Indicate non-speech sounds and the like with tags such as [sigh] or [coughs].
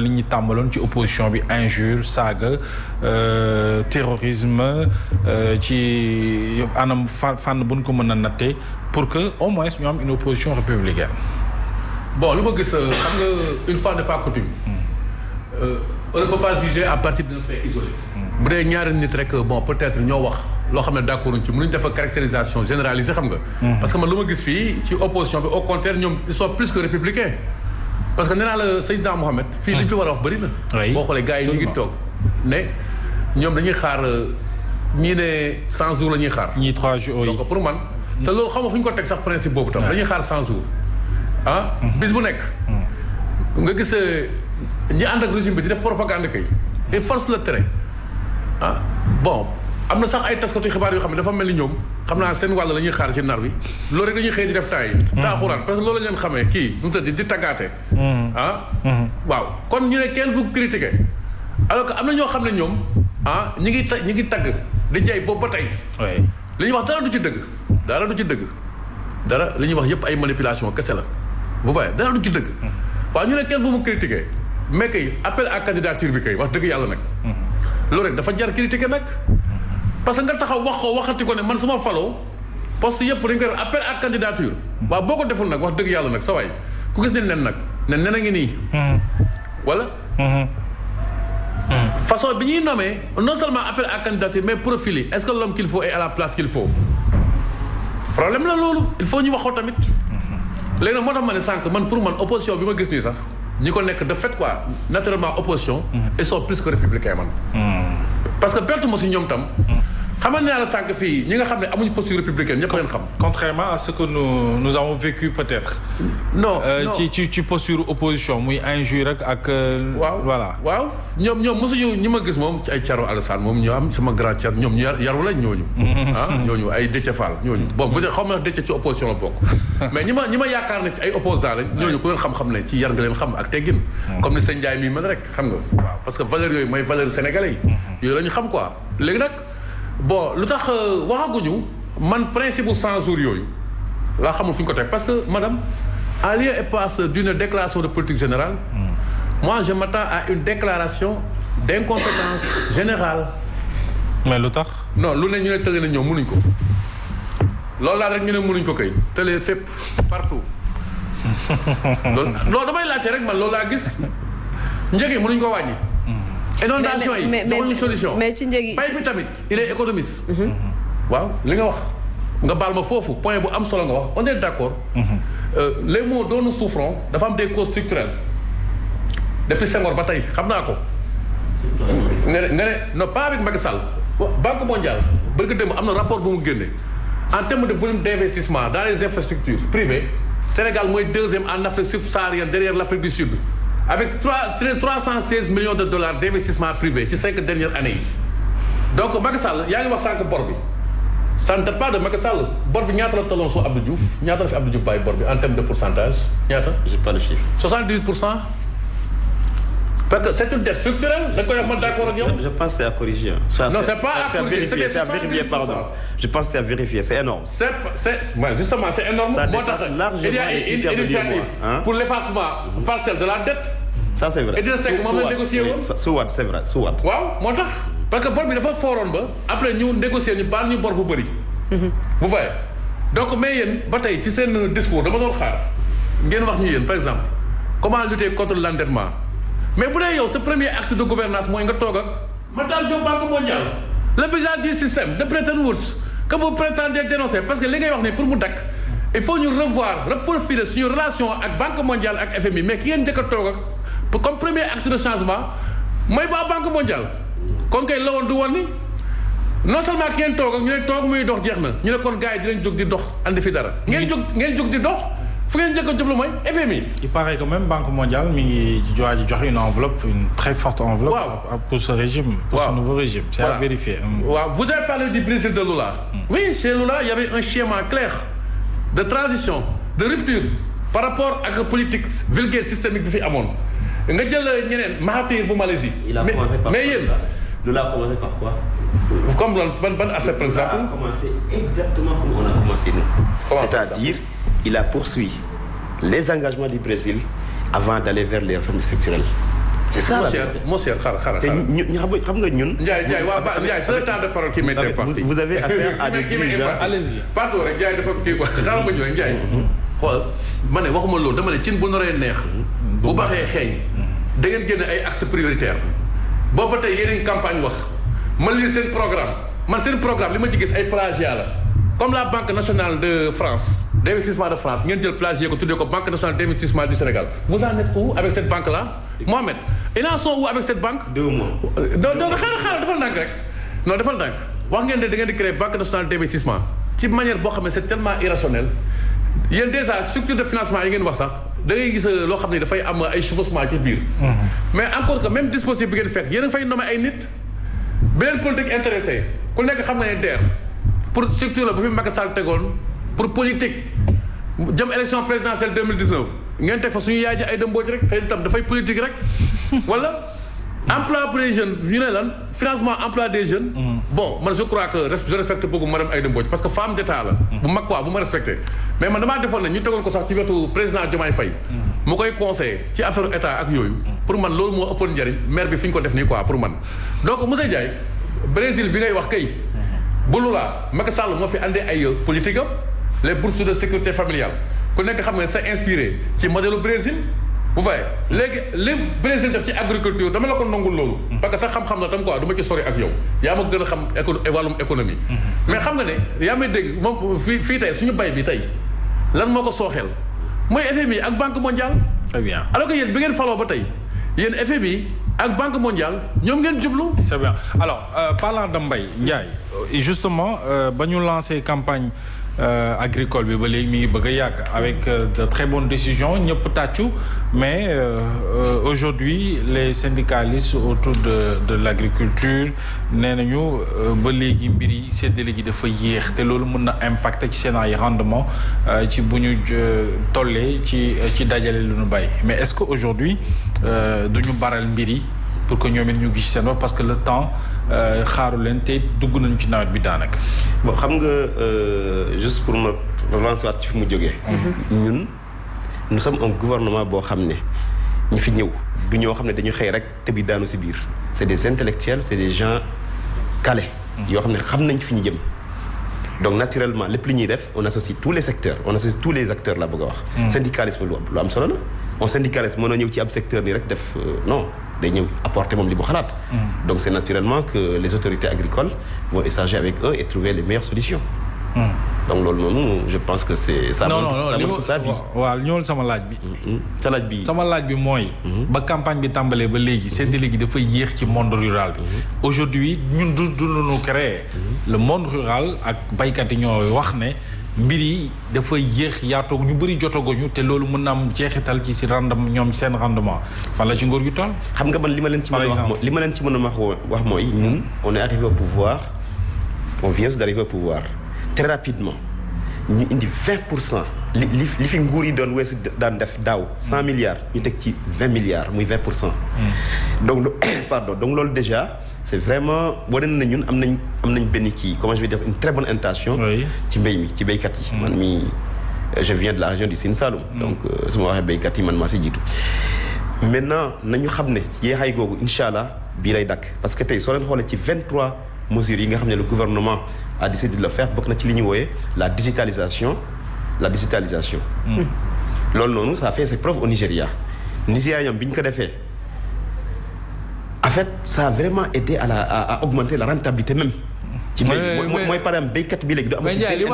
li ñu tàmbaloon ci opposition bi injure saaga euh, terrorisme euh, ci anam fànn bu nu ko mën a natte pour que au moins ñu am une opposition républicaine. bon lu ma gis euh, xam nga une fois n'est pas coutume. Hmm. on ne peut à partir d'un fait isolé. Hmm. bu dee ñaari nit rek bon peut-être ñoo wax loo xam ne d'accord ci mënuñ defa caractérisation généralisée xam nga. Hmm. parce que man lu ma gis fii ci opposition bi au contraire ñoom ils sont plus que républicains. parce que nee naa la Seydina Mohamed. fii li ñu fi war a wax bëri na. boo xoolee gars yi ñu ngi toog ne ñoom dañuy xaar euh, ñii ne 100 jours la ñuy xaar. ñii 3 jours donc pour man. te loolu xam nga fu ñu ko teg sax principe boobu tam. dañuy xaar 100 jours ah. Mhm. bis bu nekk. Mhm. nga gis euh, ñi ànd ak régime bi di def propagande kay. et force le trait ah bon. am na sax ay taskatu xibaar yoo xam ne dafa mel ni ñoom xam naa seen wàll la ñuy xaar ci nar bi loolu rek dañuy xëy di def temps yi mm-hmm. taaxuraan parce que loolu la leen xamee kii nu mu tëdd di taggaate mm-hmm. ah? mm-hmm. waaw kon ñu ne kenn bu critiqué alors que am na ñoo xam ne ñoom ah ñi ngi ta ñi ngi tagg di jaay boobu ba tey li ñuy wax dara du ci dëgg dara du ci dëgg dara li ñuy wax yëpp ay manipulation kese la bu bàyyi dara du ci dëgg waaw ñu ne kenn bu mu critiqué mais kay appel à candidature bi kay wax dëgg yàlla nag loolu parce que nga taxaw wax ko waxati ko ne man su ma faloo poste yëpp dañ appel à candidature. waaw boo ko deful nag wax dëgg yàlla nag sa waay ku gis ne nen nag ne nen a ngi nii. wala. Hmm. Hmm. Hmm. façon bi ñuy nommé non seulement appel à candidature mais profilé est-ce que l'homme qu'il faut est à la place qu'il faut problème la loolu il faut ñu waxoo tamit. léegi moo tax ma ne sànq man pour man opposition bi ma gis nii sax ñi ko nekk de fait quoi naturellement opposition. ils sont plus que républicains ma si ñoom xamal naa la sànq fii ñi nga xam ne amuñ posture républicaine ñëpp leen xam. Euh, ci ci ci posture opposition muy injure rek ak. Euh, waaw voilà waaw ñoom ñoom mosuñu ñi ma gis moom ci ay Caro Alassane moom ñu am sama grand Caro ñoom ñu yaru lañ ñooñu. [laughs] ah ñooñu ay Déthié Fall ñooñu bon bu dee xaw ma [laughs] yaakaar ne ci ay opposants lañ xam-xam lañ ci yar nga leen xam ak teggin. Hmm. comme ni sëñ Ndiaye mii mën rek xam nga. waaw hmm. parce que valeurs yooyu mooy valeur sénégalais yi. Hmm. yooyu la ñu xam quoi léegi nag bon lu tax euh, waxaguñu man principe bu 100 jours yooyu laa xamul fu ñu ko teg parce que madame en lieu et place d'une déclaration de politique générale. Hmm. moi je m'attends à une déclaration d'incompétence générale. mais lu tax. non lu ne ñu ne tële na ñëw mënuñ ko loolu laa rek ñu ne mënuñ ko kay tële fépp partout. [laughs] loolu damay laajte rek man loolu laa gis njëg yi mënuñ ko wàññi. inondation yi joxuñu solution mais ci njëg yi pay bi tamit il est économiste mhm. Mhm. waaw li nga wax nga baal ma foofu point bu am solo nga wax on est d'accord mhm. euh, les maux dont nous dafa am de causes structurelles depuis Senghor ba tey xam naa ko nga ne nga ne non pas avec Macky Sall Banque mondiale bërga démb am na rapport bu mu génne en termes de volume d'investissement dans les infrastructures privées Sénégal mooy deuxième en Afrique subsaharienne derrière l'Afrique du Sud avec trois trois cent seize millions de dollars d' investissement privé ci cinq dernières années yi donc Macky Sall yaa ngi wax sànq bor bi ça ne date pas de Macky Sall bor bi ñaata la tolloon soo Abdou Diouf ñaata la fi Abdou Diouf bàyyi bor bi en terme de pourcentage ñaata. j'ai pas le chiffre. 78 pour cent. parce que c'est une dette structurelle da nga koy wax man d'accord ak yow. je pense c'est à corriger. Ça, non c'est pas à corriger c'est à vérifier pardon. je pense c'est à vérifier c'est énorme. c'est c'est ouais, justement c'est énorme. ça dépasse largement il y a une initiative pour l'effacement partiel de la dette. ça c' est vrai. Idrissa Seck moom la négocié woon suwaat c' est vrai suwaat. waaw moo tax parce que bor bi dafa fooroon ba après ñu négocié ñu baal ñu bor bu bëri. bu mhm. fayee donc mais yéen ba tey ci seen discours dama doon xaar ngeen wax ñu yéen par exemple comment lutter contre l' endettement mais bu dee yow sa premier acte de gouvernance mooy nga toog ma Matar Diop Banque mondiale. le visage du système de Bretton Woods que vous prétendez parce que li ngay wax nii pour mu dakk il faut ñu revoir reprofiler suñu relation ak Banque mondiale ak FMI mais ngeen njëkk a comme premier acte de changement mooy ba banque mondiale kon kay la woon du woon ni non seulement ki ngeen toog ak ñu ne toog muy dox jeex na ñu ne kon gars yi dinañ jóg di dox andi fi dara. ngeen jóg ngeen jóg di dox fu ngeen jëkk a jublu mooy FMI. il paraît que même banque mondiale mi ngi joxe joxe une enveloppe une très forte enveloppe. waaw pour ce régime. pour ce nouveau régime. c'est à vérifier. waaw hmm. vous avez parlé du Brésil de Lula. Hmm. oui chez Lula il y avait un schéma clair par rapport ak politique vulgaire systémique bi fi amoon. nga jël ñeneen Mahathir bu Malaisie. il a commencé par mais yéen. Lula a commencé par quoi. comme lan ban ban aspect par exemple. Lula a commencé exactement comme on a commencé nous. c'est-à-dire il a poursuivi les engagements du Brésil avant d'aller vers les réformes structurelles. c'est ça la monsieur xaaral xaaral te ñu ñu xam nga ñun. Ndiaye Ndiaye waa ba Ndiaye c'est un temps de parole qui m'était parti. vous avez [laughs] affaire à des dirigeants allez-y partout rek Ndiaye dafa kii quoi mm-hmm. xaaral ma ñëw Ndiaye. Mm-hmm. xool ma ne waxuma loolu dama ne cin bu noree neex. bu mm-hmm. baaxee xeeñ. da ngeen génne ay axes prioritaires boobu ba tey yéen campagne wax man lii seen programme man seen programme li ma ci gis ay plagiat la comme la banque nationale de France d'investissement de France ngeen jël plagié ko tuddee ko banque nationale d'investissement du Sénégal vous en êtes où avec cette banque là Mohamed ils en sont où avec cette banque. deux mois donc donc xaaral xaaral defal ndànk rek non defal ndànk wax ngeen de da di créer banque nationale ne c'est tellement irrationnel yéen déjà structure yi ngeen wax sax. da ngay gis euh, loo xam ne dafay am euh, ay chevauchement ci biir. Mhm. mais encore que même dispositif bi ngeen fekk yéen a fay nommé ay nit. beneen politique intéressé ku nekk xam na ne DER pour structure la bu fi mag Sall tegoon pour politique jam élection présidentielle deux mille dix neuf ngeen teg fa suñu yaay ji ay dëmbooj rek xëy tam dafay politique rek [laughs] wala. emploi pour les jeunes ñu ne lan financement emploi des jeunes. Mhm. bon man je crois que je respecte beaucoup madame Aïda Mbodj parce que mhm. ma respecté. mais man damaa defoon na ñu tegoon ko sax ci wetu président Diomaye Faye mu koy conseillé ci affaire état ak yooyu. pour man loolu moo ëppoon njëriñ maire bi fi ñu ko def nii quoi pour man. donc monsieur Ndiaye Brésil bi ngay wax kay. bu Lula Macky Sall moo fi andi ay politique am les bourses de sécurité familiale ku nekk xam nga c'est inspiré ci modèle Brésil. vous voyez léegi li Brésil def ci agriculture dama la ko nangul loolu. parce que sax xam-xam la tam quoi du ma ci sori ak yow. yaa ma gën a mm-hmm. mais xam nga ne yaa may dégg moom suñu bay bi tey. lan moo ko sooxeel mooy FMI ak banque mondiale. très bien alors bi ngeen faloo ba tey yéen FMI ak banque mondiale ñoom ngeen jublu. c'est bien alors euh, parlant Mbaye Ndiaye. Euh, justement euh, ba ñu lancé campagne. Euh, agricole bi ba léegi mi ngi bëgg a yàgg avec euh, de très bonnes décisions ñëpp tàccu mais euh, aujourd'hui les syndicalistes autour de de l'agriculture nee nañu ba léegi mbir sedd séddale dafa yéex te loolu mën na impacter ci seen ay rendement ci bu ñu tollee ci ci dajale lu ñu bàyyi mais est-ce que aujourd'hui duñu baral mbiri pour que ñoom it ñu gis seen bopp parce que le temps euh, xaaru leen te dugg nañu ci nawet bi daanaka. boo xam nga euh, juste pour ma relancer waat ci fi mu jógee. Mhm. ñun nous sommes un gouvernement boo xam ne ñu fi ñëw du ñoo xam ne dañu xëy rek te bi daanu si biir c'est des intellectuels c'est des gens calés. Mhm. yoo xam ne xam nañ fi ñu jëm. donc naturellement lépp li ñuy def on associe tous les secteurs on associe tous les acteurs la bëgg a wax. Mhm. syndicalisme lu am solo la on syndicalisme mënoo ñëw ci ab secteur nii rek def euh, non. day ñëw apporter moom li mu xalaat. Mm. donc c'est naturellement que les autorités agricoles vont échanger avec eux et trouver les meilleures solutions. Mm. donc loolu noonu je pense que c'est ça. non non non sa vie waaw ñëwal sama laaj bi. Mm-hmm. sa laaj sama laaj bi mooy. Mm-hmm. ba campagne bi tàmbalee ba léegi mm-hmm. séddale léegi dafay yéex ci monde rural bi. aujourd'hui ñun du du nu créer. le monde rural ak baykat yi ñoo wax ne. mbir yi dafa yéex yaatoo ñu bëri jotagoñu te loolu mën na am jeexital ci si rendement ñoom seen rendement fan la ci ngóor gi toll. xam nga man li ma leen ci mën a wax li ma leen ci mën a wax mooy ñun on est arrivé au pouvoir on vient d'arriver pouvoir très rapidement ñu indi 20 pour cent li li fi nguur yi doon weesu daan def daaw 100 milliards ñu teg ci 20 milliards muy 20 pour cent. Hmm. donc [coughs] pardon donc loolu déjà. c' est vraiment wane na ñun am nañ am nañ benn kii comment je vais dire une très bonne intention. ci mbéy mi ci béykat yi. man mi je viens de la région du Sine Saloum. Mm. donc euh, su ma waxee béykat yi man maa si jiitu. maintenant nañu xam ne yeexaay googu incha allah bii lay dakk parce que tey soo leen xoolee ci 23 mesures yi nga xam ne le gouvernement a décidé de le faire bokk na ci li ñuy wooyee la digitalisation la digitalisation. Mm. loolu noonu ça fait ses preuves au Nigéria Nigéria ñoom bi ñu ko defee. en fait ça a vraiment aidé à la à, à augmenter la rentabilité même. ci mbéy mooy mooy par exemple béykat bi léegi du am.